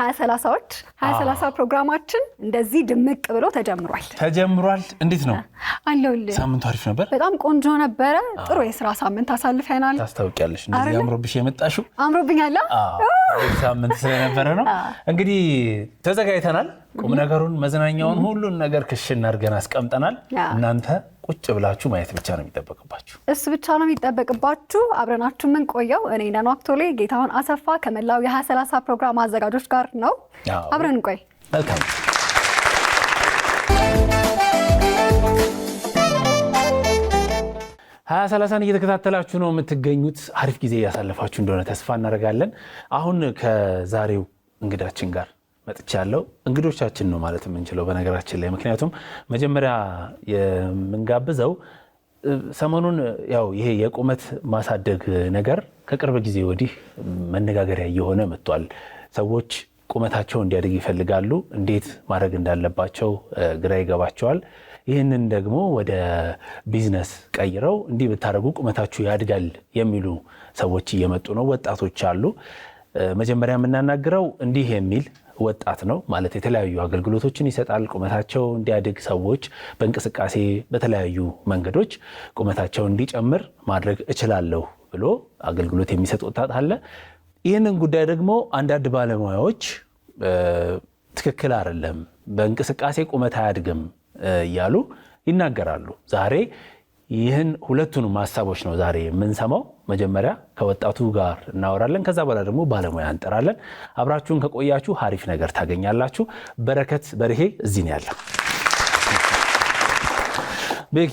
ሀያ ሰላሳዎች ሀያ ሰላሳ ፕሮግራማችን እንደዚህ ድምቅ ብሎ ተጀምሯል ተጀምሯል። እንዴት ነው አለሁልህ። ሳምንቱ አሪፍ ነበር፣ በጣም ቆንጆ ነበረ። ጥሩ የስራ ሳምንት አሳልፈናል። ታስታውቂያለሽ፣ እንደዚህ አምሮብሽ የመጣሽው አምሮብኛል። ሳምንት ስለነበረ ነው እንግዲህ ተዘጋጅተናል። ቁም ነገሩን፣ መዝናኛውን፣ ሁሉን ነገር ክሽን አድርገን አስቀምጠናል። እናንተ ቁጭ ብላችሁ ማየት ብቻ ነው የሚጠበቅባችሁ። እሱ ብቻ ነው የሚጠበቅባችሁ። አብረናችሁ ምን ቆየው። እኔ አክቶሌ ጌታሁን አሰፋ ከመላው የ2030 ፕሮግራም አዘጋጆች ጋር ነው። አብረን እንቆይ። መልካም ሀያ ሰላሳን እየተከታተላችሁ ነው የምትገኙት። አሪፍ ጊዜ እያሳለፋችሁ እንደሆነ ተስፋ እናደርጋለን። አሁን ከዛሬው እንግዳችን ጋር መጥቻለሁ። እንግዶቻችን ነው ማለት የምንችለው በነገራችን ላይ ምክንያቱም መጀመሪያ የምንጋብዘው ሰሞኑን ያው ይሄ የቁመት ማሳደግ ነገር ከቅርብ ጊዜ ወዲህ መነጋገሪያ እየሆነ መጥቷል። ሰዎች ቁመታቸው እንዲያድግ ይፈልጋሉ። እንዴት ማድረግ እንዳለባቸው ግራ ይገባቸዋል። ይህንን ደግሞ ወደ ቢዝነስ ቀይረው እንዲህ ብታደረጉ ቁመታችሁ ያድጋል የሚሉ ሰዎች እየመጡ ነው። ወጣቶች አሉ። መጀመሪያ የምናናግረው እንዲህ የሚል ወጣት ነው ማለት የተለያዩ አገልግሎቶችን ይሰጣል። ቁመታቸው እንዲያድግ ሰዎች በእንቅስቃሴ በተለያዩ መንገዶች ቁመታቸው እንዲጨምር ማድረግ እችላለሁ ብሎ አገልግሎት የሚሰጥ ወጣት አለ። ይህንን ጉዳይ ደግሞ አንዳንድ ባለሙያዎች ትክክል አይደለም፣ በእንቅስቃሴ ቁመት አያድግም እያሉ ይናገራሉ። ዛሬ ይህን ሁለቱንም ሀሳቦች ነው ዛሬ የምንሰማው። መጀመሪያ ከወጣቱ ጋር እናወራለን። ከዛ በኋላ ደግሞ ባለሙያ እንጠራለን። አብራችሁን ከቆያችሁ ሀሪፍ ነገር ታገኛላችሁ። በረከት በርሄ እዚህ ነው ያለው። ቤኪ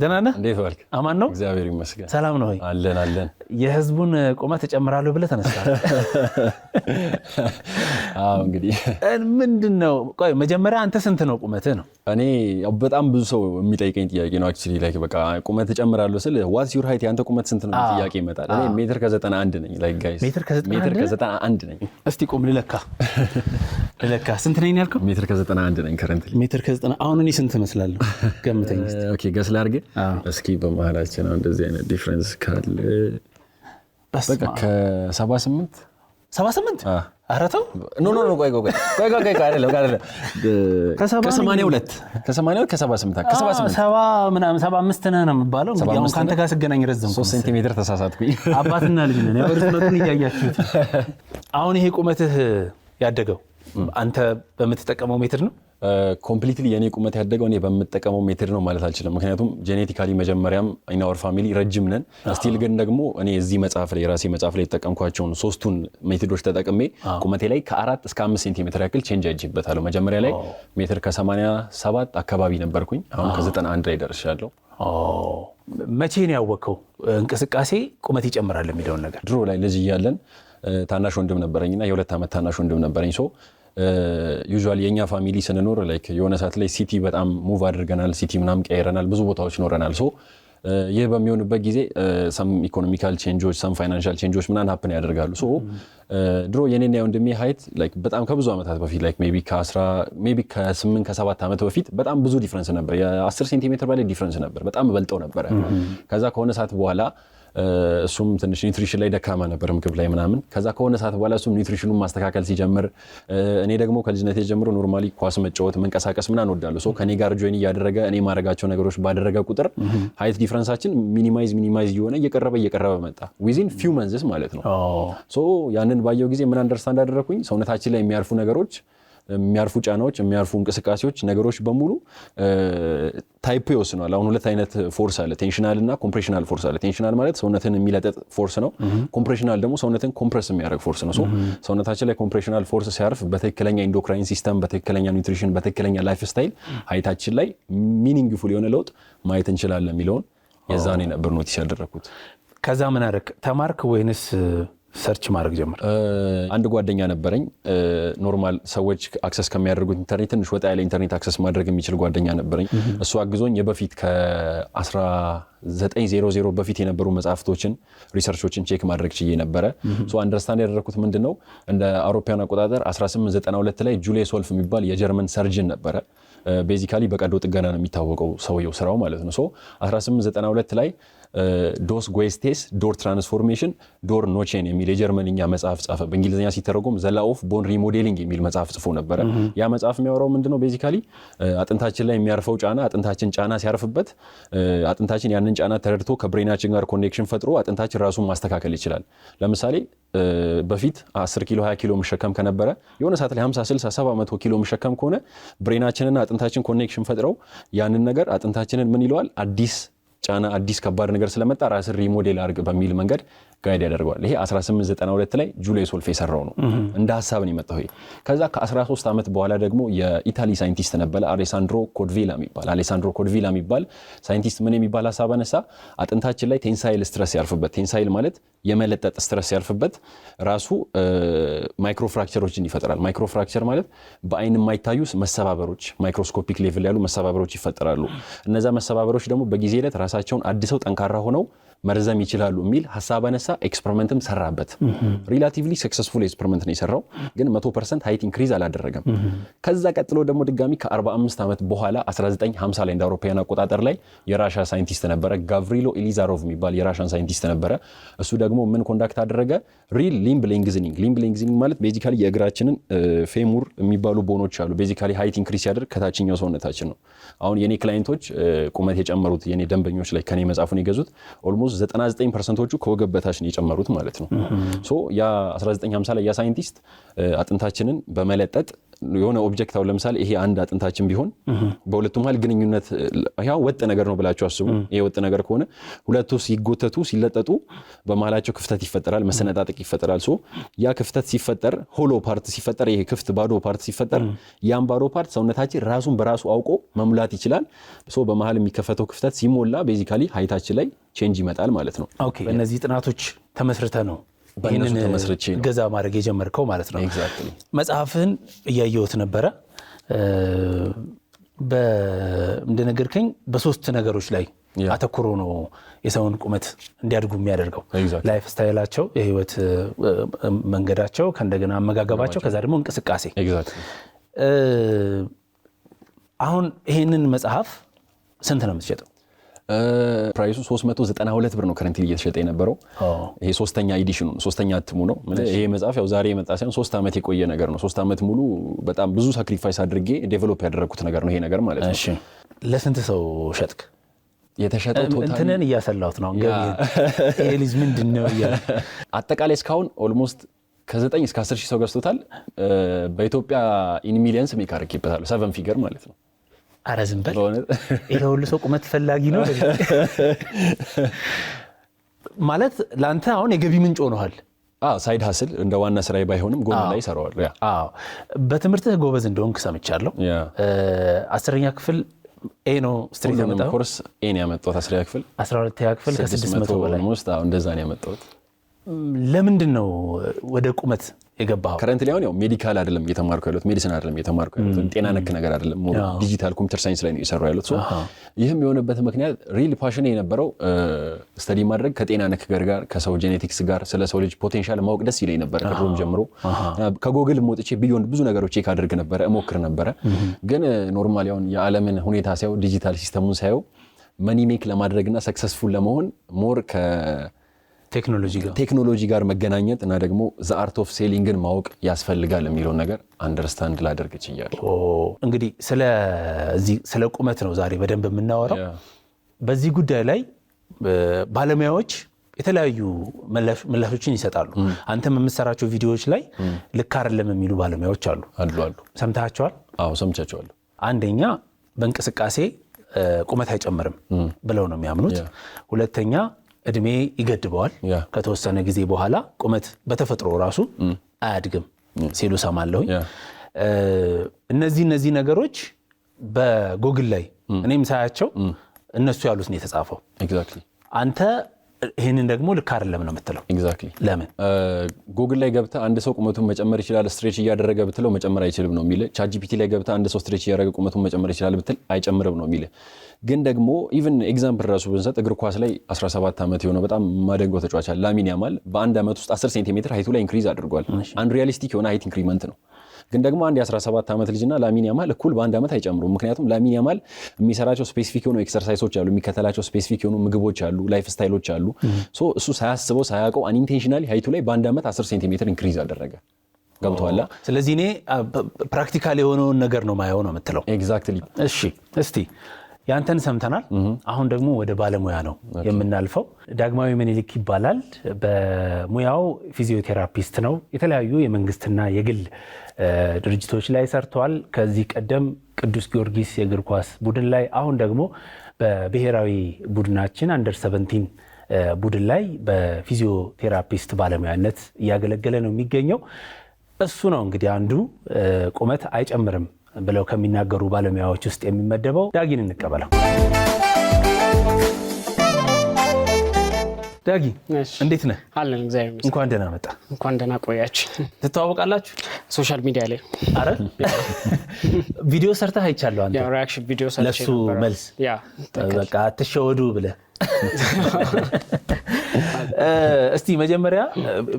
ደህና ነህ? እንዴት ዋልክ? አማን ነው? እግዚአብሔር ይመስገን። ሰላም ነው አለን አለን። የህዝቡን ቁመት እጨምራለሁ ብለህ ተነስተሃል። እንግዲህ ምንድን ነው ቆይ መጀመሪያ አንተ ስንት ነው ቁመትህ ነው? እኔ በጣም ብዙ ሰው የሚጠይቀኝ ጥያቄ ነው። አክቹዋሊ ላይክ በቃ ቁመት እጨምራለሁ ስል ዋትስ ዩር ሃይት የአንተ ቁመት ስንት ነው ጥያቄ ይመጣል። እኔ ሜትር ከዘጠና አንድ ነኝ። ላይክ ጋይስ ሜትር ከዘጠና አንድ ነኝ። እስቲ ቁም ልለካ ልለካ። ስንት ነኝ ያልከው? ሜትር ከዘጠና አንድ ነኝ። ከረንትሊ ሜትር ከዘጠና አሁን እኔ ስንት እመስላለሁ? ገምተኝ ገስ ላድርግ እስኪ በመሀላችን ነው እንደዚህ አይነት ዲፍረንስ ካለ ከሰባ ስምንት ሰባ ስምንት አረተው ኖ ኖ ቆይ ቆይ ቆይ ቆይ ከሰማንያ ሁለት ከሰማንያ ሁለት ከሰባ ስምንት ከሰባ ስምንት ሰባ ምናምን ሰባ አምስት ነህ ነው የሚባለው። እንግዲህ ከአንተ ጋር ስገናኝ ረዘም ሦስት ሴንቲሜትር ተሳሳትኩኝ። አባትና ልጅ ነን። ያው እያያችሁት አሁን ይሄ ቁመትህ ያደገው አንተ በምትጠቀመው ሜትድ ነው ኮምፕሊትሊ የእኔ ቁመት ያደገው እኔ በምጠቀመው ሜትድ ነው ማለት አልችልም። ምክንያቱም ጄኔቲካሊ መጀመሪያም ኢናወር ፋሚሊ ረጅም ነን። ስቲል ግን ደግሞ እኔ እዚህ መጽሐፍ ላይ የራሴ መጽሐፍ ላይ የተጠቀምኳቸውን ሶስቱን ሜትዶች ተጠቅሜ ቁመቴ ላይ ከአራት እስከ አምስት ሴንቲሜትር ያክል ቼንጅ አይጅበታለሁ። መጀመሪያ ላይ ሜትር ከሰማንያ ሰባት አካባቢ ነበርኩኝ። አሁን ከዘጠና አንድ ላይ ደርሻለሁ። መቼ ነው ያወቅከው እንቅስቃሴ ቁመት ይጨምራል የሚለውን ነገር? ድሮ ላይ ልጅ እያለን ታናሽ ወንድም ነበረኝና የሁለት ዓመት ታናሽ ወንድም ነበረኝ ሰው ዩዥዋሊ የእኛ ፋሚሊ ስንኖር ላይክ የሆነ ሰዓት ላይ ሲቲ በጣም ሙቭ አድርገናል፣ ሲቲ ምናም ቀይረናል፣ ብዙ ቦታዎች ይኖረናል ሶ uh, ይህ በሚሆንበት ጊዜ ሰም ኢኮኖሚካል ቼንጆች፣ ሰም ፋይናንሻል ቼንጆች ምናን ሀፕን ያደርጋሉ። ሶ mm-hmm. uh, ድሮ የኔና የወንድሜ ሀይት ላይክ በጣም ከብዙ ዓመታት በፊት ላይክ ሜይ ቢ ከአስራ ሜይ ቢ ከስምንት ከሰባት ዓመት በፊት በጣም ብዙ ዲፍረንስ ነበር። የአስር ሴንቲሜትር በላይ ዲፍረንስ ነበር። በጣም በልጠው ነበረ። mm-hmm. ከዛ ከሆነ ሰዓት በኋላ እሱም ትንሽ ኒትሪሽን ላይ ደካማ ነበር፣ ምግብ ላይ ምናምን። ከዛ ከሆነ ሰዓት በኋላ እሱም ኒትሪሽኑን ማስተካከል ሲጀምር፣ እኔ ደግሞ ከልጅነት ጀምሮ ኖርማሊ ኳስ መጫወት መንቀሳቀስ ምናምን እወዳለሁ። ሶ ከኔ ጋር ጆይን እያደረገ እኔ ማድረጋቸው ነገሮች ባደረገ ቁጥር ሀይት ዲፍረንሳችን ሚኒማይዝ ሚኒማይዝ እየሆነ እየቀረበ እየቀረበ መጣ፣ ዊዚን ፊው መንዝስ ማለት ነው። ያንን ባየው ጊዜ ምን አንደርስታንድ እንዳደረኩኝ ሰውነታችን ላይ የሚያርፉ ነገሮች የሚያርፉ ጫናዎች፣ የሚያርፉ እንቅስቃሴዎች፣ ነገሮች በሙሉ ታይፕ ይወስነዋል። አሁን ሁለት አይነት ፎርስ አለ፣ ቴንሽናል እና ኮምፕሬሽናል ፎርስ አለ። ቴንሽናል ማለት ሰውነትን የሚለጠጥ ፎርስ ነው። ኮምፕሬሽናል ደግሞ ሰውነትን ኮምፕረስ የሚያደርግ ፎርስ ነው። ሰውነታችን ላይ ኮምፕሬሽናል ፎርስ ሲያርፍ በትክክለኛ ኢንዶክራይን ሲስተም፣ በትክክለኛ ኒውትሪሽን፣ በትክክለኛ ላይፍ ስታይል ሀይታችን ላይ ሚኒንግፉል የሆነ ለውጥ ማየት እንችላለን የሚለውን የዛኔ ነበር ኖቲስ ያደረግኩት። ከዛ ምን አደረግ ተማርክ ወይንስ ሰርች ማድረግ ጀመር። አንድ ጓደኛ ነበረኝ። ኖርማል ሰዎች አክሰስ ከሚያደርጉት ኢንተርኔት ትንሽ ወጣ ያለ ኢንተርኔት አክሰስ ማድረግ የሚችል ጓደኛ ነበረኝ። እሱ አግዞኝ የበፊት ከ1900 በፊት የነበሩ መጽሐፍቶችን፣ ሪሰርቾችን ቼክ ማድረግ ችዬ ነበረ። አንደርስታንድ ያደረግኩት ምንድን ነው እንደ አውሮፓውያን አቆጣጠር 1892 ላይ ጁሌ ሶልፍ የሚባል የጀርመን ሰርጅን ነበረ። ቤዚካሊ በቀዶ ጥገና ነው የሚታወቀው ሰውየው ስራው ማለት ነው። 1892 ላይ ዶስ ጎስቴስ ዶር ትራንስፎርሜሽን ዶር ኖቼን የሚል የጀርመንኛ መጽሐፍ ጻፈ። በእንግሊዝኛ ሲተረጎም ዘላኦፍ ቦን ሪሞዴሊንግ የሚል መጽሐፍ ጽፎ ነበረ። ያ መጽሐፍ የሚያወራው ምንድነው? ቤዚካሊ አጥንታችን ላይ የሚያርፈው ጫና አጥንታችን ጫና ሲያርፍበት አጥንታችን ያንን ጫና ተረድቶ ከብሬናችን ጋር ኮኔክሽን ፈጥሮ አጥንታችን ራሱን ማስተካከል ይችላል። ለምሳሌ በፊት 10 ኪሎ 20 ኪሎ መሸከም ከነበረ የሆነ ሰዓት ላይ 50 60 70 መቶ ኪሎ መሸከም ከሆነ ብሬናችንና አጥንታችን ኮኔክሽን ፈጥረው ያንን ነገር አጥንታችንን ምን ይለዋል አዲስ ጫና አዲስ ከባድ ነገር ስለመጣ ራስን ሪሞዴል አድርግ በሚል መንገድ ጋይድ ያደርገዋል። ይሄ 1892 ላይ ጁሊየስ ሶልፌ የሰራው ነው። እንደ ሀሳብ ነው የመጣው ይሄ። ከዛ ከ13 ዓመት በኋላ ደግሞ የኢታሊ ሳይንቲስት ነበረ አሌሳንድሮ ኮድቪላ የሚባል አሌሳንድሮ ኮድቪላ የሚባል ሳይንቲስት ምን የሚባል ሀሳብ አነሳ? አጥንታችን ላይ ቴንሳይል ስትረስ ያልፍበት፣ ቴንሳይል ማለት የመለጠጥ ስትረስ ያልፍበት ራሱ ማይክሮፍራክቸሮችን ይፈጥራል። ማይክሮፍራክቸር ማለት በአይን የማይታዩ መሰባበሮች ማይክሮስኮፒክ ሌቭል ያሉ መሰባበሮች ይፈጠራሉ። እነዛ መሰባበሮች ደግሞ በጊዜ ሂደት ራሳቸውን አድሰው ጠንካራ ሆነው መርዘም ይችላሉ የሚል ሀሳብ አነሳ። ኤክስፐሪመንትም ሰራበት። ሪላቲቭሊ ሰክሰስፉል ኤክስፐሪመንት ነው የሰራው፣ ግን መቶ ፐርሰንት ሀይት ኢንክሪዝ አላደረገም። ከዛ ቀጥሎ ደግሞ ድጋሚ ከ45 ዓመት በኋላ 1950 ላይ እንደ አውሮፓውያን አቆጣጠር ላይ የራሻ ሳይንቲስት ነበረ፣ ጋቭሪሎ ኤሊዛሮቭ የሚባል የራሻን ሳይንቲስት ነበረ። እሱ ደግሞ ምን ኮንዳክት አደረገ? ሪል ሊምብ ሌንግዝኒንግ። ሊምብ ሌንግዝኒንግ ማለት ቤዚካሊ የእግራችንን ፌሙር የሚባሉ ቦኖች አሉ። ቤዚካሊ ሀይት ኢንክሪዝ ሲያደርግ ከታችኛው ሰውነታችን ነው። አሁን የኔ ክላይንቶች ቁመት የጨመሩት የኔ ደንበኞች ላይ ከኔ መጽሐፉን የገዙት ኦልሞስት 99 ፐርሰንቶቹ ከወገብ በታች ነው የጨመሩት ማለት ነው። ያ 1950 ላይ ያ ሳይንቲስት አጥንታችንን በመለጠጥ የሆነ ኦብጀክት አሁን ለምሳሌ ይሄ አንድ አጥንታችን ቢሆን በሁለቱ መሀል ግንኙነት ያው ወጥ ነገር ነው ብላችሁ አስቡ። ይሄ ወጥ ነገር ከሆነ ሁለቱ ሲጎተቱ ሲለጠጡ በመሀላቸው ክፍተት ይፈጠራል፣ መሰነጣጠቅ ይፈጠራል። ሶ ያ ክፍተት ሲፈጠር ሆሎ ፓርት ሲፈጠር፣ ይሄ ክፍት ባዶ ፓርት ሲፈጠር፣ ያን ባዶ ፓርት ሰውነታችን ራሱን በራሱ አውቆ መሙላት ይችላል። ሶ በመሀል የሚከፈተው ክፍተት ሲሞላ ቤዚካሊ ሀይታችን ላይ ቼንጅ ይመጣል ማለት ነው። በእነዚህ ጥናቶች ተመስርተ ነው ይህንን ገዛ ማድረግ የጀመርከው ማለት ነው። መጽሐፍህን እያየሁት ነበረ። እንደነገርከኝ በሶስት ነገሮች ላይ አተኩሮ ነው የሰውን ቁመት እንዲያድጉ የሚያደርገው ላይፍ ስታይላቸው፣ የህይወት መንገዳቸው፣ ከእንደገና አመጋገባቸው፣ ከዛ ደግሞ እንቅስቃሴ። አሁን ይህንን መጽሐፍ ስንት ነው የምትሸጠው? ፕራይሱ 392 ብር ነው ከረንት እየተሸጠ የነበረው። ይሄ ሶስተኛ ኤዲሽኑ ሶስተኛ እትሙ ነው። ይሄ መጽሐፍ ያው ዛሬ የመጣ ሳይሆን ሶስት ዓመት የቆየ ነገር ነው። ሶስት ዓመት ሙሉ በጣም ብዙ ሳክሪፋይስ አድርጌ ዴቨሎፕ ያደረግኩት ነገር ነው ይሄ ነገር ማለት ነው። ለስንት ሰው ሸጥክ? የተሸጠው ቶታል እንትንን እያሰላሁት ነው። ይሄ ልጅ ምንድን ነው አጠቃላይ እስካሁን ኦልሞስት ከዘጠኝ እስከ አስር ሺህ ሰው ገዝቶታል። በኢትዮጵያ ኢን ሚሊየንስ ሜክ አድርጌበታለሁ። ሰቨን ፊገር ማለት ነው። አረ ዝም በል ይሄ ሁሉ ሰው ቁመት ፈላጊ ነው ማለት ለአንተ አሁን የገቢ ምንጭ ሆነዋል። ሳይድ ሀስል እንደ ዋና ስራ ባይሆንም ጎን ላይ ይሰራዋል። በትምህርትህ ጎበዝ እንደሆንክ ሰምቻለሁ። አስረኛ ክፍል ኤ ነው ስትሪት ያመጣ ኮርስ ኤ ነው ያመጣሁት። አስረኛ ክፍል አስራ ሁለተኛ ክፍል ከስድስት መቶ በላይ እንደዛ ነው ያመጣሁት። ለምንድን ነው ወደ ቁመት የገባኸው? ከረንትሊ አሁን ያው ሜዲካል አይደለም እየተማርኩ ያሉት ሜዲሲን አይደለም እየተማርኩ ያሉት ጤና ነክ ነገር አይደለም፣ ዲጂታል ኮምፒውተር ሳይንስ ላይ ነው እየሰራሁ ያሉት ይህም የሆነበት ምክንያት ሪል ፓሽን የነበረው ስተዲ ማድረግ ከጤና ነክ ነገር ጋር ከሰው ጄኔቲክስ ጋር ስለ ሰው ልጅ ፖቴንሻል ማወቅ ደስ ይለኝ ነበረ ከድሮም ጀምሮ። ከጎግል ሞጥቼ ቢዮንድ ብዙ ነገሮች ቼክ አድርግ ነበረ፣ እሞክር ነበረ። ግን ኖርማል ያውን የዓለምን ሁኔታ ሳየው ዲጂታል ሲስተሙን ሳየው መኒ ሜክ ለማድረግና ሰክሰስፉል ለመሆን ሞር ቴክኖሎጂ ጋር መገናኘት እና ደግሞ ዘአርት ኦፍ ሴሊንግን ማወቅ ያስፈልጋል የሚለውን ነገር አንደርስታንድ ላደርግ ችያለሁ። እንግዲህ ስለ ቁመት ነው ዛሬ በደንብ የምናወራው። በዚህ ጉዳይ ላይ ባለሙያዎች የተለያዩ ምላሾችን ይሰጣሉ። mm. አንተም የምትሰራቸው ቪዲዮዎች ላይ mm. ልክ አይደለም የሚሉ ባለሙያዎች አሉ አሉ አሉ። ሰምታቸዋል? አዎ ሰምቻቸዋለሁ። አንደኛ በእንቅስቃሴ ቁመት አይጨምርም mm. ብለው ነው የሚያምኑት። ሁለተኛ እድሜ ይገድበዋል። ከተወሰነ ጊዜ በኋላ ቁመት በተፈጥሮ ራሱ አያድግም ሲሉ ሰማለሁኝ። እነዚህ እነዚህ ነገሮች በጎግል ላይ እኔም ሳያቸው እነሱ ያሉት ነው የተጻፈው አንተ ይህንን ደግሞ ልክ አይደለም ነው የምትለው። ኤግዛክትሊ ለምን ጉግል ላይ ገብተህ አንድ ሰው ቁመቱን መጨመር ይችላል ስትሬች እያደረገ ብትለው መጨመር አይችልም ነው የሚል ቻጂፒቲ ላይ ገብተህ አንድ ሰው ስትሬች እያደረገ ቁመቱን መጨመር ይችላል ብትል አይጨምርም ነው የሚል ግን ደግሞ ኢቨን ኤግዛምፕል ራሱ ብንሰጥ እግር ኳስ ላይ 17 ዓመት የሆነው በጣም ማደንገው ተጫዋች ላሚን ያማል በአንድ ዓመት ውስጥ 10 ሴንቲሜትር ሀይቱ ላይ ኢንክሪዝ አድርጓል። አንድ ሪያሊስቲክ የሆነ ሀይት ኢንክሪመንት ነው ግን ደግሞ አንድ የ17 ዓመት ልጅና ላሚን ያማል እኩል በአንድ ዓመት አይጨምሩም። ምክንያቱም ላሚን ያማል የሚሰራቸው ስፔሲፊክ የሆኑ ኤክሰርሳይሶች አሉ፣ የሚከተላቸው ስፔሲፊክ የሆኑ ምግቦች አሉ፣ ላይፍ ስታይሎች አሉ። እሱ ሳያስበው ሳያውቀው አንኢንቴንሽናሊ ሀይቱ ላይ በአንድ ዓመት 10 ሴንቲሜትር ኢንክሪዝ አደረገ። ገብተዋላ። ስለዚህ እኔ ፕራክቲካል የሆነውን ነገር ነው ማየው ነው የምትለው። ኤግዛክትሊ። እሺ እስቲ ያንተን ሰምተናል። አሁን ደግሞ ወደ ባለሙያ ነው የምናልፈው። ዳግማዊ ምኒልክ ይባላል። በሙያው ፊዚዮቴራፒስት ነው። የተለያዩ የመንግስትና የግል ድርጅቶች ላይ ሰርተዋል። ከዚህ ቀደም ቅዱስ ጊዮርጊስ የእግር ኳስ ቡድን ላይ፣ አሁን ደግሞ በብሔራዊ ቡድናችን አንደር ሰቨንቲን ቡድን ላይ በፊዚዮቴራፒስት ባለሙያነት እያገለገለ ነው የሚገኘው። እሱ ነው እንግዲህ አንዱ ቁመት አይጨምርም ብለው ከሚናገሩ ባለሙያዎች ውስጥ የሚመደበው ዳጊን እንቀበለው። ዳጊ እንዴት ነህ? አለን እግዚአብሔር ይመስገን። እንኳን ደህና መጣ። እንኳን ደህና ቆያች። ትተዋወቃላችሁ? ሶሻል ሚዲያ ላይ አረ ቪዲዮ ሰርተህ አይቻለሁ። አንተ ለእሱ መልስ በቃ አትሸወዱ ብለህ እስቲ መጀመሪያ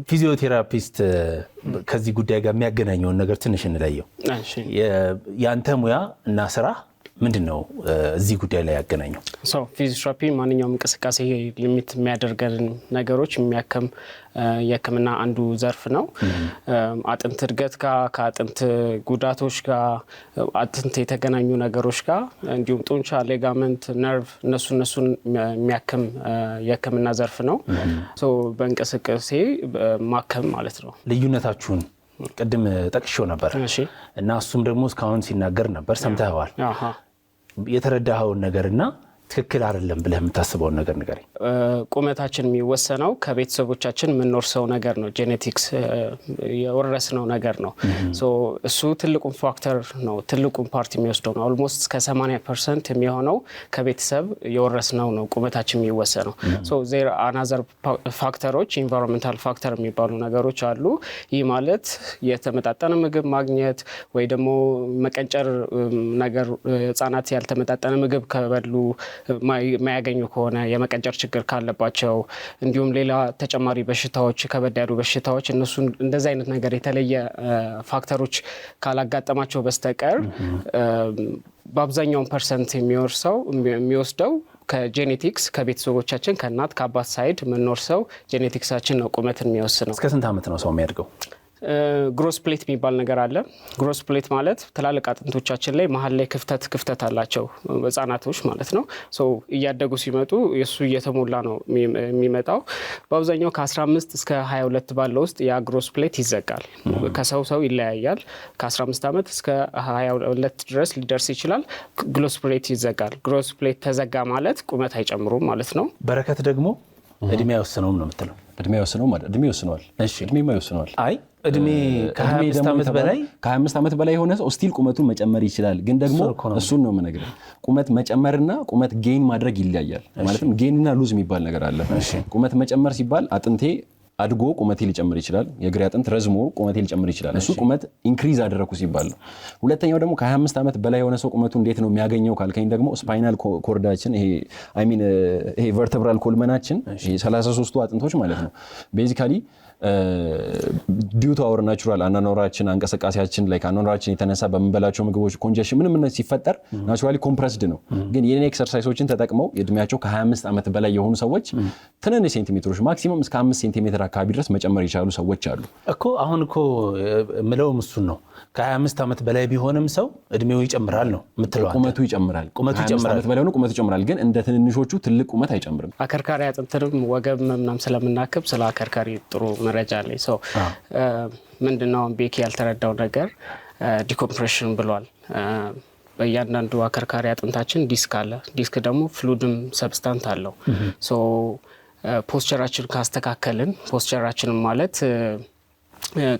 ፊዚዮቴራፒስት ከዚህ ጉዳይ ጋር የሚያገናኘውን ነገር ትንሽ እንለየው። የአንተ ሙያ እና ስራ ምንድን ነው እዚህ ጉዳይ ላይ ያገናኘው? ሰው ፊዚዮቴራፒ ማንኛውም እንቅስቃሴ ሊሚት የሚያደርገን ነገሮች የሚያከም የህክምና አንዱ ዘርፍ ነው። አጥንት እድገት ጋር ከአጥንት ጉዳቶች ጋር አጥንት የተገናኙ ነገሮች ጋር እንዲሁም ጡንቻ፣ ሌጋመንት፣ ነርቭ እነሱ እነሱን የሚያክም የህክምና ዘርፍ ነው። በእንቅስቃሴ ማከም ማለት ነው። ልዩነታችሁን ቅድም ጠቅሾ ነበር እና እሱም ደግሞ እስካሁን ሲናገር ነበር ሰምተኸዋል። የተረዳኸውን ነገርና ትክክል አይደለም ብለህ የምታስበውን ነገር ንገረኝ። ቁመታችን የሚወሰነው ከቤተሰቦቻችን የምንወርሰው ነገር ነው። ጄኔቲክስ የወረስነው ነገር ነው። እሱ ትልቁን ፋክተር ነው፣ ትልቁን ፓርቲ የሚወስደው ነው። ኦልሞስት እስከ 80 ፐርሰንት የሚሆነው ከቤተሰብ የወረስነው ነው ቁመታችን የሚወሰነው። ዜር አናዘር ፋክተሮች፣ ኢንቫይሮንመንታል ፋክተር የሚባሉ ነገሮች አሉ። ይህ ማለት የተመጣጠነ ምግብ ማግኘት ወይ ደግሞ መቀንጨር ነገር ህጻናት ያልተመጣጠነ ምግብ ከበሉ የማያገኙ ከሆነ የመቀንጨር ችግር ካለባቸው እንዲሁም ሌላ ተጨማሪ በሽታዎች ከበድ ያሉ በሽታዎች እነሱ እንደዚህ አይነት ነገር የተለየ ፋክተሮች ካላጋጠማቸው በስተቀር በአብዛኛውን ፐርሰንት የሚወርሰው የሚወስደው ከጄኔቲክስ ከቤተሰቦቻችን ከእናት ከአባት ሳይድ የምንወርሰው ጄኔቲክሳችን ነው ቁመትን የሚወስነው። እስከ ስንት ዓመት ነው ሰው የሚያድገው? ግሮስ ፕሌት የሚባል ነገር አለ። ግሮስ ፕሌት ማለት ትላልቅ አጥንቶቻችን ላይ መሀል ላይ ክፍተት ክፍተት አላቸው ህጻናቶች ማለት ነው። እያደጉ ሲመጡ የእሱ እየተሞላ ነው የሚመጣው። በአብዛኛው ከ15 እስከ 22 ባለው ውስጥ ያ ግሮስ ፕሌት ይዘጋል። ከሰው ሰው ይለያያል። ከ15 ዓመት እስከ 22 ድረስ ሊደርስ ይችላል። ግሮስ ፕሌት ይዘጋል። ግሮስ ፕሌት ተዘጋ ማለት ቁመት አይጨምሩም ማለት ነው። በረከት ደግሞ እድሜ አይወስነውም ነው የምትለው። እድሜ አይወስነውም እድሜ ይወስነዋል። ይወስነዋል። አይ እድሜ ከ25 ዓመት በላይ የሆነ ሰው ስቲል ቁመቱን መጨመር ይችላል። ግን ደግሞ እሱን ነው የምነግርህ፣ ቁመት መጨመርና ቁመት ጌን ማድረግ ይለያያል። ማለትም ጌንና ሉዝ የሚባል ነገር አለ። ቁመት መጨመር ሲባል አጥንቴ አድጎ ቁመቴ ሊጨምር ይችላል። የእግሬ አጥንት ረዝሞ ቁመቴ ሊጨምር ይችላል። እሱ ቁመት ኢንክሪዝ አደረኩ ሲባል ነው። ሁለተኛው ደግሞ ከ25 ዓመት በላይ የሆነ ሰው ቁመቱ እንዴት ነው የሚያገኘው ካልከኝ ደግሞ ስፓይናል ኮርዳችን ይሄ ቨርተብራል ኮልመናችን 33ቱ አጥንቶች ማለት ነው ቤዚካሊ ዲዩ ቱ አወር ናቹራል አናኖራችን አንቀሳቃሴያችን ላይ ከአናኖራችን የተነሳ በምንበላቸው ምግቦች ኮንጀሽን ምንም ሲፈጠር ናቹራሊ ኮምፕረስድ ነው። ግን የኔ ኤክሰርሳይሶችን ተጠቅመው የእድሜያቸው ከ25 ዓመት በላይ የሆኑ ሰዎች ትንንሽ ሴንቲሜትሮች ማክሲመም እስከ አምስት ሴንቲሜትር አካባቢ ድረስ መጨመር የቻሉ ሰዎች አሉ እኮ አሁን እኮ ምለውም እሱን ነው። ከ25 ዓመት በላይ ቢሆንም ሰው እድሜው ይጨምራል ነው ምትለዋል። ቁመቱ ይጨምራል፣ ቁመቱ ይጨምራል በላይ ሆኖ ቁመቱ ይጨምራል። ግን እንደ ትንንሾቹ ትልቅ ቁመት አይጨምርም። አከርካሪ አጥንትንም ወገብ ምናምን ስለምናክብ ስለ አከርካሪ ጥሩ መረጃ አለኝ። ሰው ምንድነው ቤኪ ያልተረዳው ነገር ዲኮምፕሬሽን ብሏል። በእያንዳንዱ አከርካሪ አጥንታችን ዲስክ አለ። ዲስክ ደግሞ ፍሉድም ሰብስታንት አለው። ፖስቸራችን ካስተካከልን ፖስቸራችን ማለት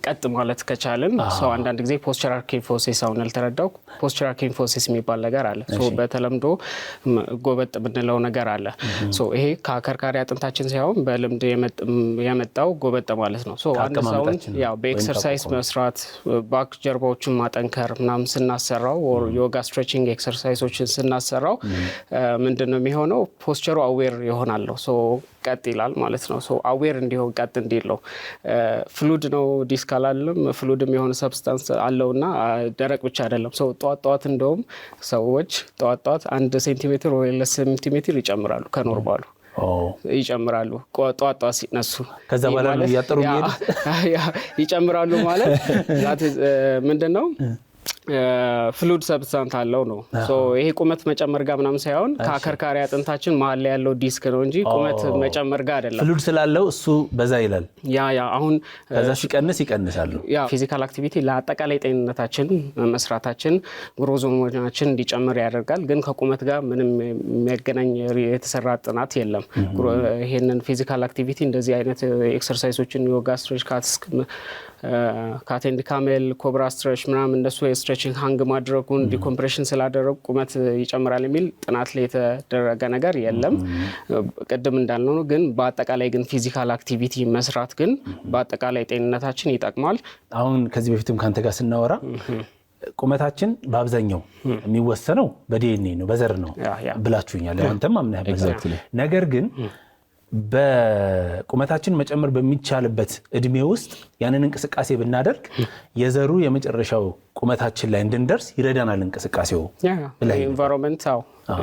ቀጥ ማለት ከቻልን ሰው አንዳንድ ጊዜ ፖስቸራል ኪንፎሲስ አሁን ያልተረዳው ፖስቸራል ኪንፎሲስ የሚባል ነገር አለ። በተለምዶ ጎበጥ የምንለው ነገር አለ። ይሄ ከአከርካሪ አጥንታችን ሳይሆን በልምድ የመጣው ጎበጥ ማለት ነው። አንድ ሰውን በኤክሰርሳይዝ መስራት ባክ ጀርባዎችን ማጠንከር ምናምን ስናሰራው ዮጋ ስትሬቺንግ ኤክሰርሳይዞችን ስናሰራው ምንድን ነው የሚሆነው ፖስቸሩ አዌር ይሆናለሁ ቀጥ ይላል ማለት ነው። አዌር እንዲሆን ቀጥ እንዲል ነው። ፍሉድ ነው ዲስክ አላለም። ፍሉድም የሆነ ሰብስታንስ አለው እና ደረቅ ብቻ አይደለም። ሰው ጠዋት ጠዋት እንደውም ሰዎች ጠዋት ጠዋት አንድ ሴንቲሜትር ወይ ሁለት ሴንቲሜትር ይጨምራሉ ከኖርማሉ ይጨምራሉ ጠዋት ጠዋት ሲነሱ ከዛ በኋላ እያጠሩ ይጨምራሉ ማለት ምንድን ነው ፍሉድ ሰብስታንት አለው ነው። ይሄ ቁመት መጨመር ጋር ምናምን ሳይሆን ከአከርካሪ አጥንታችን መሀል ላይ ያለው ዲስክ ነው እንጂ ቁመት መጨመር ጋር አይደለም። ፍሉድ ስላለው እሱ በዛ ይላል። ያ ያ አሁን ከዛ ሲቀንስ ይቀንሳሉ። ያ ፊዚካል አክቲቪቲ ለአጠቃላይ ጤንነታችን መስራታችን፣ ግሮዝ እንዲጨምር ያደርጋል። ግን ከቁመት ጋር ምንም የሚያገናኝ የተሰራ ጥናት የለም። ይሄንን ፊዚካል አክቲቪቲ እንደዚህ አይነት ኤክሰርሳይሶችን ዮጋ ስትሬች፣ ካቴንድ ካሜል፣ ኮብራ ስትሬች ምናምን እንደሱ ስትሬችንግ ሀንግ ማድረጉን ዲኮምፕሬሽን ስላደረጉ ቁመት ይጨምራል የሚል ጥናት ላይ የተደረገ ነገር የለም። ቅድም እንዳልነው ግን በአጠቃላይ ግን ፊዚካል አክቲቪቲ መስራት ግን በአጠቃላይ ጤንነታችን ይጠቅማል። አሁን ከዚህ በፊትም ከአንተ ጋር ስናወራ ቁመታችን በአብዛኛው የሚወሰነው በዲኤንኤ ነው በዘር ነው ብላችሁኛል። አንተም አምናህ ነገር ግን በቁመታችን መጨመር በሚቻልበት እድሜ ውስጥ ያንን እንቅስቃሴ ብናደርግ የዘሩ የመጨረሻው ቁመታችን ላይ እንድንደርስ ይረዳናል። እንቅስቃሴው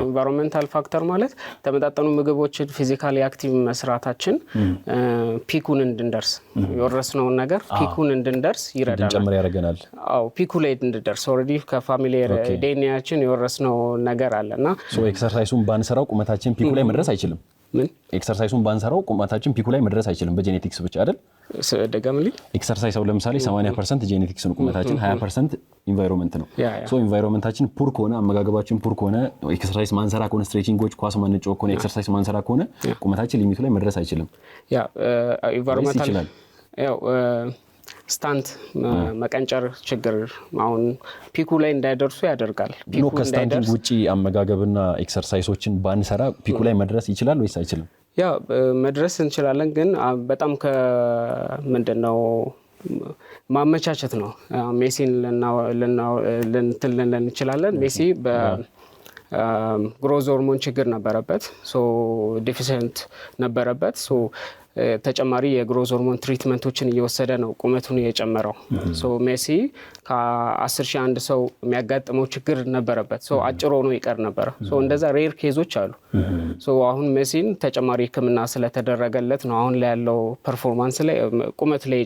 ኢንቫይሮንመንታል ፋክተር ማለት ተመጣጠኑ ምግቦችን ፊዚካሊ አክቲቭ መስራታችን ፒኩን እንድንደርስ የወረስነውን ነገር ፒኩን እንድንደርስ ይረዳናል ያደርገናል። አዎ ፒኩ ላይ እንድንደርስ ኦልሬዲ ከፋሚሊ ዴኒያችን የወረስነው ነገር አለ እና ኤክሰርሳይሱን ባንሰራው ቁመታችን ፒኩ ላይ መድረስ አይችልም። ምን ኤክሰርሳይሱን ባንሰራው ቁመታችን ፒኩ ላይ መድረስ አይችልም። በጄኔቲክስ ብቻ አይደል? ደጋምል ኤክሰርሳይስ አሁን ለምሳሌ 80 ፐርሰንት ጄኔቲክስ ነው ቁመታችን፣ 20 ፐርሰንት ኢንቫይሮንመንት ነው። ሶ ኢንቫይሮንመንታችን ፑር ከሆነ አመጋገባችን ፑር ከሆነ ኤክሰርሳይስ ማንሰራ ከሆነ ስትሬቺንጎች፣ ኳስ ማንጮ ከሆነ ኤክሰርሳይስ ማንሰራ ከሆነ ቁመታችን ሊሚቱ ላይ መድረስ አይችልም። ያ ኢንቫይሮንመንታል ያው ስታንት መቀንጨር ችግር አሁን ፒኩ ላይ እንዳይደርሱ ያደርጋል። ኖ ከስታንቲንግ ውጭ አመጋገብና ኤክሰርሳይሶችን ባንሰራ ፒኩ ላይ መድረስ ይችላል ወይስ አይችልም? ያ መድረስ እንችላለን፣ ግን በጣም ከምንድን ነው ማመቻቸት ነው። ሜሲን ልንትን እንችላለን። ሜሲ በግሮዝ ሆርሞን ችግር ነበረበት፣ ዲፊሽንት ነበረበት ተጨማሪ የግሮዝ ሆርሞን ትሪትመንቶችን እየወሰደ ነው ቁመቱን የጨመረው። ሜሲ ከአስር ሺህ አንድ ሰው የሚያጋጥመው ችግር ነበረበት። አጭሮ ነው ይቀር ነበረ። እንደዛ ሬር ኬዞች አሉ። አሁን ሜሲን ተጨማሪ ሕክምና ስለተደረገለት ነው አሁን ላይ ያለው ፐርፎርማንስ ላይ ቁመት ላይ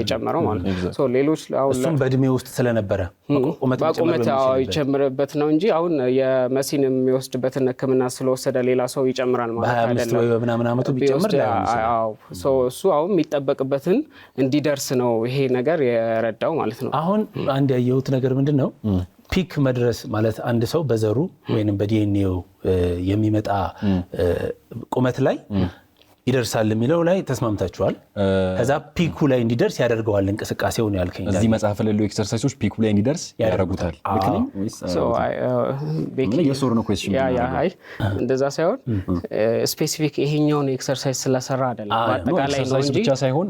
የጨመረው ማለት ነው። ሌሎች እሱም በእድሜ ውስጥ ስለነበረ በቁመት ይጨምርበት ነው እንጂ አሁን የመሲን የሚወስድበትን ሕክምና ስለወሰደ ሌላ ሰው ይጨምራል ማለት አይደለም። አዎ እሱ አሁን የሚጠበቅበትን እንዲደርስ ነው ይሄ ነገር የረዳው ማለት ነው። አሁን አንድ ያየሁት ነገር ምንድን ነው ፒክ መድረስ ማለት አንድ ሰው በዘሩ ወይም በዲኤንኤው የሚመጣ ቁመት ላይ ይደርሳል የሚለው ላይ ተስማምታችኋል። ከዛ ፒኩ ላይ እንዲደርስ ያደርገዋል እንቅስቃሴውን ያልከኝ እዚህ መጽሐፍ ላይ ያሉ ኤክሰርሳይሶች ፒኩ ላይ እንዲደርስ ያደርጉታል። uh, እንደዛ ሳይሆን ስፔሲፊክ ይሄኛውን ኤክሰርሳይዝ ስለሰራ አይደለም፣ አጠቃላይ ሳይሆን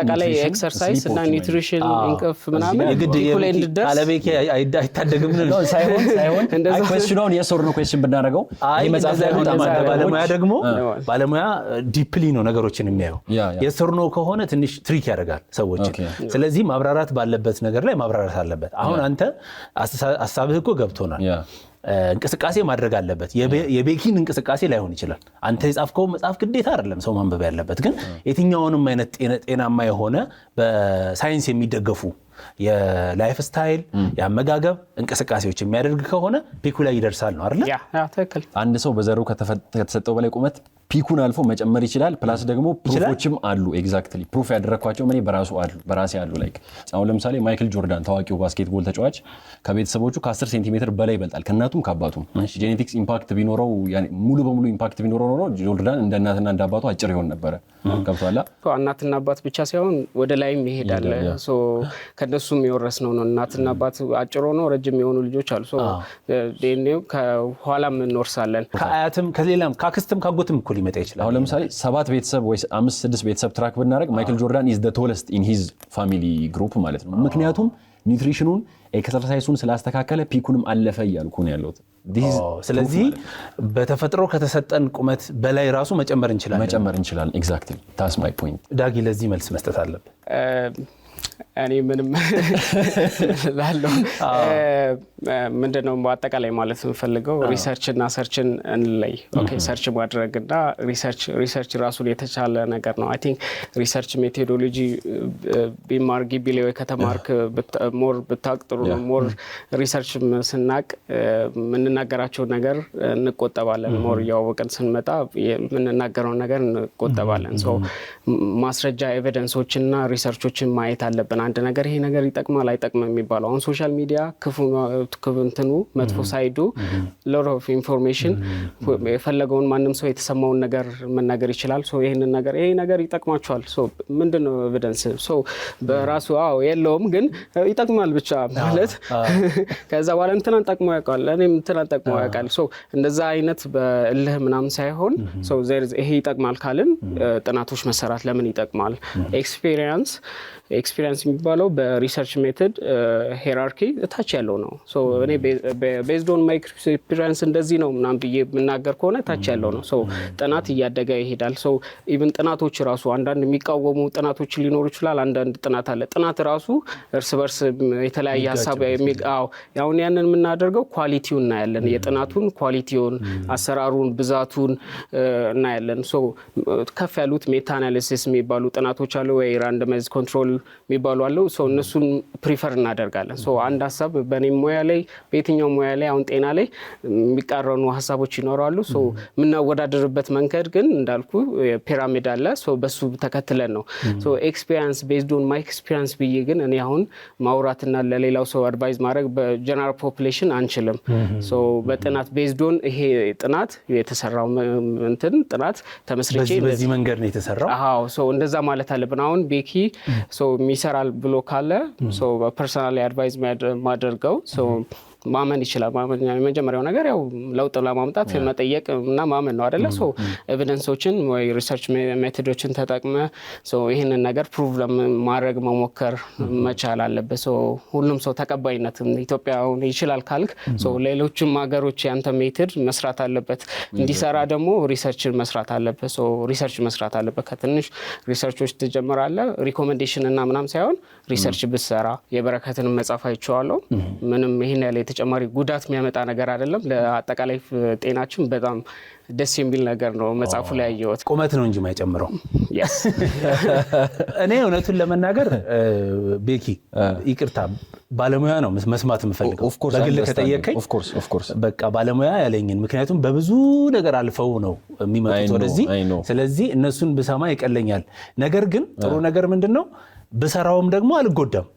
አጠቃላይ ኤክሰርሳይዝ እና ኒውትሪሽን፣ እንቅፍ ምናምን ፒኩ ላይ እንዲደርስ አይታደግም ሳይሆን የሶር ነው ኮስችን ብናደርገው ባለሙያ ደግሞ ባለሙያ ዲፕሊ ነው ነገሮችን የሚያየው። የስር ነው ከሆነ ትንሽ ትሪክ ያደርጋል ሰዎችን። ስለዚህ ማብራራት ባለበት ነገር ላይ ማብራራት አለበት። አሁን አንተ ሀሳብህ እኮ ገብቶናል። እንቅስቃሴ ማድረግ አለበት። የቤኪን እንቅስቃሴ ላይሆን ይችላል። አንተ የጻፍከው መጽሐፍ ግዴታ አይደለም ሰው ማንበብ ያለበት፣ ግን የትኛውንም አይነት ጤናማ የሆነ በሳይንስ የሚደገፉ የላይፍ ስታይል የአመጋገብ እንቅስቃሴዎች የሚያደርግ ከሆነ ፒኩ ላይ ይደርሳል ነው አይደል? አንድ ሰው በዘሩ ከተሰጠው በላይ ቁመት ፒኩን አልፎ መጨመር ይችላል። ፕላስ ደግሞ ፕሩፎችም አሉ። ኤግዛክትሊ ፕሩፍ ያደረግኳቸው እኔ በራሱ አሉ በራሴ አሉ። ላይክ አሁን ለምሳሌ ማይክል ጆርዳን ታዋቂው ባስኬትቦል ተጫዋች ከቤተሰቦቹ ከ10 ሴንቲሜትር በላይ ይበልጣል፣ ከእናቱም ከአባቱም። ጄኔቲክስ ኢምፓክት ቢኖረው ሙሉ በሙሉ ኢምፓክት ቢኖረው ኖሮ ጆርዳን እንደ እናትና እንደ አባቱ አጭር ይሆን ነበረ። ገብቷላ እናትና አባት ብቻ ሳይሆን ወደ ላይም ይሄዳል። ከነሱም የወረስ ነው። እናትና አባት አጭሮ ነው ረጅም የሆኑ ልጆች አሉ። ከኋላም እንወርሳለን። ከአያትም ከሌላም ከአክስትም ከአጎትም እኩል ይመጣ ይችላል። አሁን ለምሳሌ ሰባት ቤተሰብ ወይ አምስት ስድስት ቤተሰብ ትራክ ብናደርግ ማይክል ጆርዳን ኢዝ ደ ቶለስት ኢን ሂዝ ፋሚሊ ግሩፕ ማለት ነው ምክንያቱም ኒውትሪሽኑን ኤክሰርሳይሱን ስላስተካከለ ፒኩንም አለፈ እያልኩ ነው ያለሁት። ስለዚህ በተፈጥሮ ከተሰጠን ቁመት በላይ ራሱ መጨመር እንችላለን መጨመር እንችላለን። ኤግዛክትሊ ታስ ማይ ፖይንት። ዳጊ ለዚህ መልስ መስጠት አለብን። እኔ ምንም ላለው ምንድን ነው በአጠቃላይ ማለት የምፈልገው ሪሰርችና ሰርችን እንለይ። ሰርች ማድረግ ማድረግና ሪሰርች ራሱን የተቻለ ነገር ነው። አይ ቲንክ ሪሰርች ሜቶዶሎጂ ቢማር ግቢ ላይ ወይ ከተማርክ ሞር ብታቅ ጥሩ ነው። ሞር ሪሰርች ስናቅ የምንናገራቸው ነገር እንቆጠባለን። ሞር እያወቅን ስንመጣ የምንናገረውን ነገር እንቆጠባለን። ማስረጃ ኤቪደንሶች ኤቪደንሶችንና ሪሰርቾችን ማየት አለብን። አንድ ነገር ይሄ ነገር ይጠቅማል አይጠቅም የሚባለው አሁን ሶሻል ሚዲያ ክፉ እንትኑ መጥፎ ሳይዱ ሎት ኦፍ ኢንፎርሜሽን የፈለገውን ማንም ሰው የተሰማውን ነገር መናገር ይችላል። ይህንን ነገር ይሄ ነገር ይጠቅማቸዋል ምንድን ነው ኤቪደንስ በራሱ አዎ የለውም፣ ግን ይጠቅማል ብቻ ማለት ከዛ በኋላ እንትናን ጠቅሞ ያውቃል፣ እኔም እንትናን ጠቅሞ ያውቃል። እንደዛ አይነት በእልህ ምናምን ሳይሆን ይሄ ይጠቅማል ካልን ጥናቶች መሰራት ለምን ይጠቅማል ኤክስፔሪንስ ኤክስፒሪንስ የሚባለው በሪሰርች ሜትድ ሄራርኪ እታች ያለው ነው። እኔ ቤዝዶን hmm. ማይ እንደዚህ ነው ምናም ብዬ የምናገር ከሆነ እታች hmm. ያለው ነው። ጥናት እያደገ ይሄዳል። ሰው ኢቭን ጥናቶች ራሱ አንዳንድ የሚቃወሙ ጥናቶች ሊኖሩ ይችላል። አንዳንድ ጥናት አለ። ጥናት ራሱ እርስ በርስ የተለያየ ሀሳብ የሚው ያንን የምናደርገው ኳሊቲውን እናያለን። hmm. የጥናቱን ኳሊቲውን፣ አሰራሩን፣ ብዛቱን uh, እናያለን። ከፍ ያሉት ሜታ አናሊሲስ የሚባሉ ጥናቶች አሉ ወይ ራንደማይዝ ኮንትሮል የሚባሉ አለው። እነሱን ፕሪፈር እናደርጋለን። አንድ ሀሳብ በእኔ ሙያ ላይ በየትኛው ሙያ ላይ አሁን ጤና ላይ የሚቃረኑ ሀሳቦች ይኖራሉ። የምናወዳደርበት መንገድ ግን እንዳልኩ ፒራሚድ አለ። በሱ ተከትለን ነው ኤክስፔሪንስ ቤዝድ ኦን ማይ ኤክስፔሪንስ ብዬ ግን እኔ አሁን ማውራትና ለሌላው ሰው አድቫይዝ ማድረግ በጀነራል ፖፕሌሽን አንችልም። በጥናት ቤዝድ ኦን ይሄ ጥናት የተሰራው እንትን ጥናት ተመስርቼ በዚህ መንገድ ነው የተሰራው። አዎ እንደዛ ማለት አለብን። አሁን ቤኪ ሰው ይሰራል ብሎ ካለ ፐርሰናል አድቫይዝ ማደርገው ማመን ይችላል። የመጀመሪያው ነገር ያው ለውጥ ለማምጣት መጠየቅ እና ማመን ነው አደለ? ኤቪደንሶችን ወይ ሪሰርች ሜቶዶችን ተጠቅመ ይህንን ነገር ፕሩቭ ለማድረግ መሞከር መቻል አለበት። ሁሉም ሰው ተቀባይነት ኢትዮጵያ ይችላል ካልክ ሌሎችም ሀገሮች ያንተ ሜትድ መስራት አለበት። እንዲሰራ ደግሞ ሪሰርችን መስራት አለበት። ሪሰርች መስራት አለበት። ከትንሽ ሪሰርቾች ትጀምራለ። ሪኮሜንዴሽን እና ምናም ሳይሆን ሪሰርች ብትሰራ የበረከትን መጻፍ አይቼዋለሁ ምንም ይህን ያለ በተጨማሪ ጉዳት የሚያመጣ ነገር አይደለም። ለአጠቃላይ ጤናችን በጣም ደስ የሚል ነገር ነው። መጽሐፉ ላይ ያየሁት ቁመት ነው እንጂ ማይጨምረው። እኔ እውነቱን ለመናገር ቤኪ፣ ይቅርታ ባለሙያ ነው መስማት የምፈልገው በግል ከጠየቀኝ በቃ ባለሙያ ያለኝን። ምክንያቱም በብዙ ነገር አልፈው ነው የሚመጡት ወደዚህ። ስለዚህ እነሱን ብሰማ ይቀለኛል። ነገር ግን ጥሩ ነገር ምንድን ነው ብሰራውም ደግሞ አልጎዳም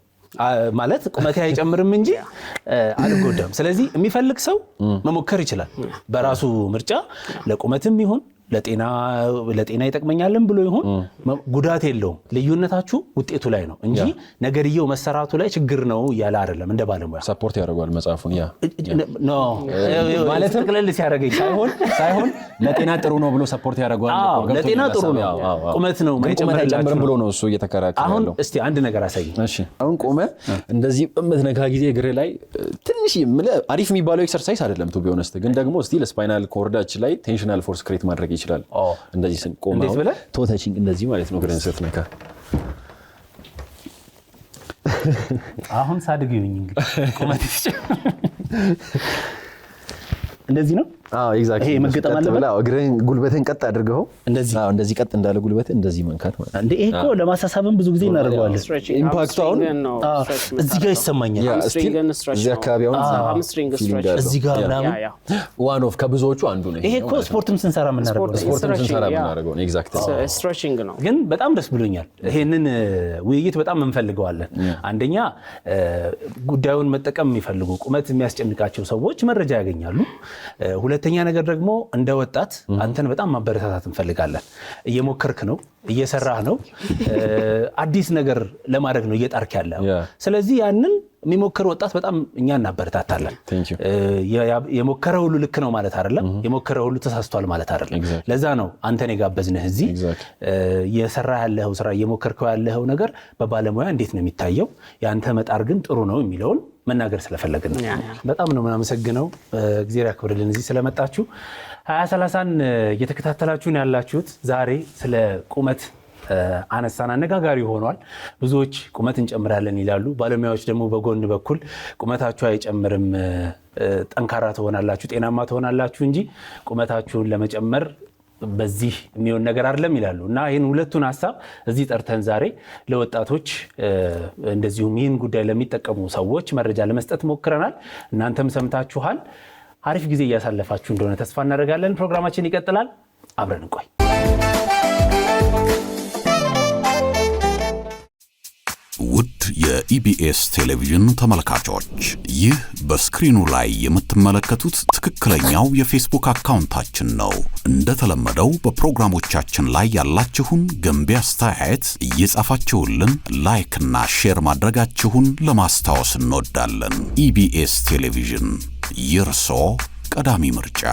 ማለት ቁመት አይጨምርም እንጂ አልጎዳም። ስለዚህ የሚፈልግ ሰው መሞከር ይችላል በራሱ ምርጫ ለቁመትም ይሁን ለጤና ይጠቅመኛልን ብሎ ይሁን ጉዳት የለውም። ልዩነታችሁ ውጤቱ ላይ ነው እንጂ ነገርየው መሰራቱ ላይ ችግር ነው እያለ አይደለም። እንደ ባለሙያ ሰፖርት ያደርጓል መጽሐፉን ማለት ጥቅልል ሲያደርገኝ ሳይሆን ለጤና ጥሩ ነው ብሎ ሰፖርት ያደርጓል። ለጤና ጥሩ ነው ቁመት ነው ጨምርም ብሎ ነው እሱ እየተከራከረ አሁን እስቲ አንድ ነገር አሳይ። አሁን ቆመ እንደዚህ በምትነካ ጊዜ እግር ላይ ትንሽ አሪፍ የሚባለው ኤክሰርሳይዝ አይደለም ቱ ቢ ግን ደግሞ ስቲል ስፓይናል ኮርዳችን ላይ ቴንሽናል ፎርስ ክሬት ማድረግ ይችላል። እንደዚህ ስንቆም ቶተችንግ እንደዚህ ማለት ነው። እግርን ስትነካ አሁን ሳድግ ይሁኝ እንግዲህ ቁመት እንደዚህ ነው። ይሄ እግርህን ጉልበትህን ቀጥ አድርገው እንደዚህ ቀጥ እንዳለ ጉልበት እንደዚህ መንካት ማለት እንዴ። ይሄ እኮ ለማሳሳብም ብዙ ጊዜ እናደርገዋለን። ኢምፓክቱ አሁን እዚህ ጋር ይሰማኛል፣ እዚህ አካባቢ እዚህ ጋር ምናምን። ዋን ኦፍ ከብዙዎቹ አንዱ ነው ይሄ እኮ ስፖርትም ስንሰራ የምናደርገው ነው። ግን በጣም ደስ ብሎኛል። ይሄንን uh, ውይይት በጣም እንፈልገዋለን። አንደኛ uh, ጉዳዩን መጠቀም የሚፈልጉ ቁመት የሚያስጨንቃቸው ሰዎች መረጃ ያገኛሉ። uh, ሁለት ሁለተኛ ነገር ደግሞ እንደ ወጣት አንተን በጣም ማበረታታት እንፈልጋለን። እየሞከርክ ነው፣ እየሰራህ ነው፣ አዲስ ነገር ለማድረግ ነው እየጣርክ ያለ። ስለዚህ ያንን የሚሞክር ወጣት በጣም እኛ እናበረታታለን። የሞከረ ሁሉ ልክ ነው ማለት አይደለም፣ የሞከረ ሁሉ ተሳስቷል ማለት አይደለም። ለዛ ነው አንተን የጋበዝንህ እዚህ። እየሰራ ያለው ስራ፣ እየሞከርከው ያለው ነገር በባለሙያ እንዴት ነው የሚታየው፣ የአንተ መጣር ግን ጥሩ ነው የሚለውን መናገር ስለፈለግን በጣም ነው ምናመሰግነው። እግዜር ያክብርልን እዚህ ስለመጣችሁ። ሀያ ሰላሳን እየተከታተላችሁን ያላችሁት ዛሬ ስለ ቁመት አነሳን አነጋጋሪ ሆኗል። ብዙዎች ቁመት እንጨምራለን ይላሉ። ባለሙያዎች ደግሞ በጎን በኩል ቁመታችሁ አይጨምርም፣ ጠንካራ ትሆናላችሁ፣ ጤናማ ትሆናላችሁ እንጂ ቁመታችሁን ለመጨመር በዚህ የሚሆን ነገር አይደለም ይላሉ እና ይህን ሁለቱን ሀሳብ እዚህ ጠርተን ዛሬ ለወጣቶች እንደዚሁም ይህን ጉዳይ ለሚጠቀሙ ሰዎች መረጃ ለመስጠት ሞክረናል። እናንተም ሰምታችኋል። አሪፍ ጊዜ እያሳለፋችሁ እንደሆነ ተስፋ እናደርጋለን። ፕሮግራማችን ይቀጥላል። አብረን እንቆይ። ውድ የኢቢኤስ ቴሌቪዥን ተመልካቾች ይህ በስክሪኑ ላይ የምትመለከቱት ትክክለኛው የፌስቡክ አካውንታችን ነው። እንደተለመደው በፕሮግራሞቻችን ላይ ያላችሁን ገንቢ አስተያየት እየጻፋችሁልን ላይክና ሼር ማድረጋችሁን ለማስታወስ እንወዳለን። ኢቢኤስ ቴሌቪዥን የርሶ ቀዳሚ ምርጫ